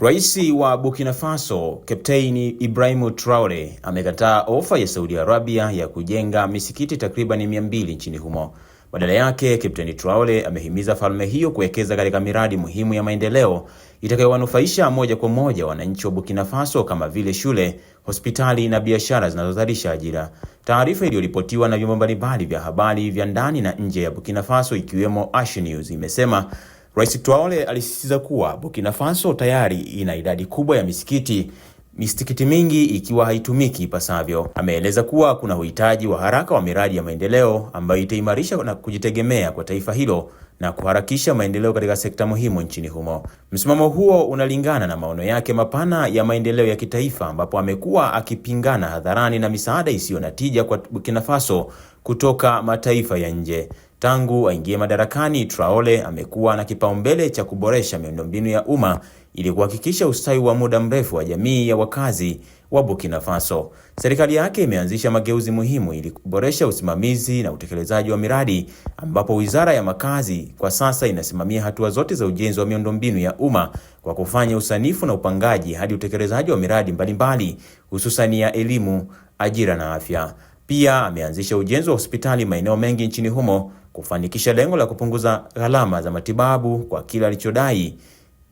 Rais wa Burkina Faso, Kapteni Ibrahim Traore amekataa ofa ya Saudi Arabia ya kujenga misikiti takribani 200 nchini humo. Badala yake, Kapteni Traore amehimiza falme hiyo kuwekeza katika miradi muhimu ya maendeleo itakayowanufaisha moja kwa moja wananchi wa Burkina Faso kama vile shule, hospitali na biashara zinazozalisha ajira. Taarifa iliyoripotiwa na vyombo mbalimbali vya habari vya ndani na nje ya Burkina Faso ikiwemo Ash News imesema Rais Traore alisisitiza kuwa Burkina Faso tayari ina idadi kubwa ya misikiti, misikiti mingi ikiwa haitumiki ipasavyo. Ameeleza kuwa kuna uhitaji wa haraka wa miradi ya maendeleo ambayo itaimarisha na kujitegemea kwa taifa hilo na kuharakisha maendeleo katika sekta muhimu nchini humo. Msimamo huo unalingana na maono yake mapana ya maendeleo ya kitaifa ambapo amekuwa akipingana hadharani na misaada isiyo na tija kwa Burkina Faso kutoka mataifa ya nje. Tangu aingie madarakani, Traore amekuwa na kipaumbele cha kuboresha miundombinu ya umma ili kuhakikisha ustawi wa muda mrefu wa jamii ya wakazi wa Burkina Faso. Serikali yake imeanzisha mageuzi muhimu ili kuboresha usimamizi na utekelezaji wa miradi, ambapo Wizara ya Makazi kwa sasa inasimamia hatua zote za ujenzi wa miundombinu ya umma kwa kufanya usanifu na upangaji hadi utekelezaji wa miradi mbalimbali, hususan ya elimu, ajira na afya. Pia ameanzisha ujenzi wa hospitali maeneo mengi nchini humo kufanikisha lengo la kupunguza gharama za matibabu kwa kile alichodai,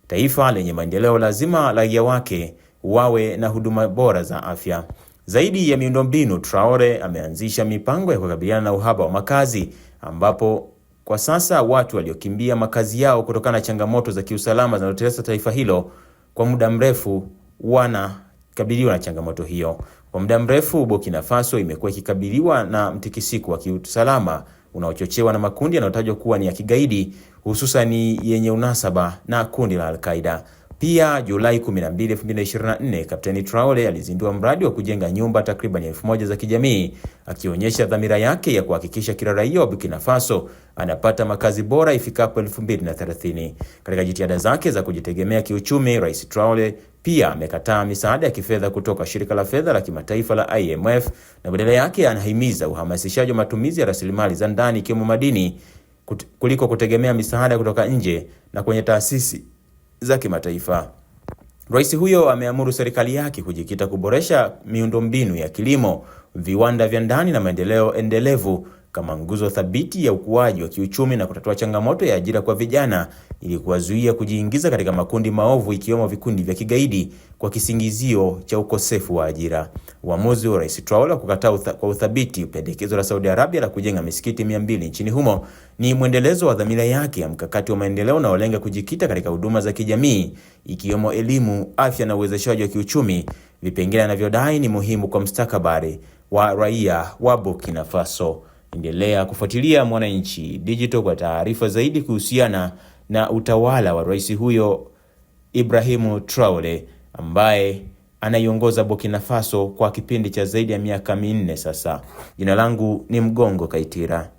taifa lenye maendeleo lazima raia wake wawe na huduma bora za afya. Zaidi ya miundombinu, Traore ameanzisha mipango ya kukabiliana na uhaba wa makazi, ambapo kwa sasa watu waliokimbia makazi yao kutokana na changamoto za kiusalama zinazotesa taifa hilo kwa muda mrefu wanakabiliwa na changamoto hiyo. Kwa muda mrefu, Burkina Faso imekuwa ikikabiliwa na mtikisiko wa kiusalama unaochochewa na makundi yanayotajwa kuwa ni ya kigaidi, hususani yenye unasaba na kundi la Al-Qaeda. Pia Julai 12, 2024, Kapteni Traore alizindua mradi wa kujenga nyumba takriban elfu moja za kijamii, akionyesha dhamira yake ya kuhakikisha kila raia wa Burkina Faso anapata makazi bora ifikapo 2030. Katika jitihada zake za kujitegemea kiuchumi, Rais Traore pia amekataa misaada ya kifedha kutoka Shirika la Fedha la Kimataifa la IMF na badala yake anahimiza uhamasishaji wa matumizi ya rasilimali za ndani ikiwemo madini kuliko kutegemea misaada kutoka nje na kwenye taasisi za kimataifa. Rais huyo ameamuru serikali yake kujikita kuboresha miundombinu ya kilimo, viwanda vya ndani na maendeleo endelevu kama nguzo thabiti ya ukuaji wa kiuchumi na kutatua changamoto ya ajira kwa vijana ili kuwazuia kujiingiza katika makundi maovu ikiwemo vikundi vya kigaidi kwa kisingizio cha ukosefu wa ajira. Uamuzi wa Rais Traore kukataa utha, kwa uthabiti pendekezo la Saudi Arabia la kujenga misikiti 200 nchini humo ni mwendelezo wa dhamira yake ya mkakati wa maendeleo unaolenga kujikita katika huduma za kijamii ikiwemo elimu, afya na uwezeshaji wa kiuchumi, vipengele anavyodai ni muhimu kwa mustakabali wa raia wa Burkina Faso. Endelea kufuatilia Mwananchi Digital kwa taarifa zaidi kuhusiana na utawala wa rais huyo Ibrahimu Traore ambaye anaiongoza Burkina Faso kwa kipindi cha zaidi ya miaka minne sasa. Jina langu ni Mgongo Kaitira.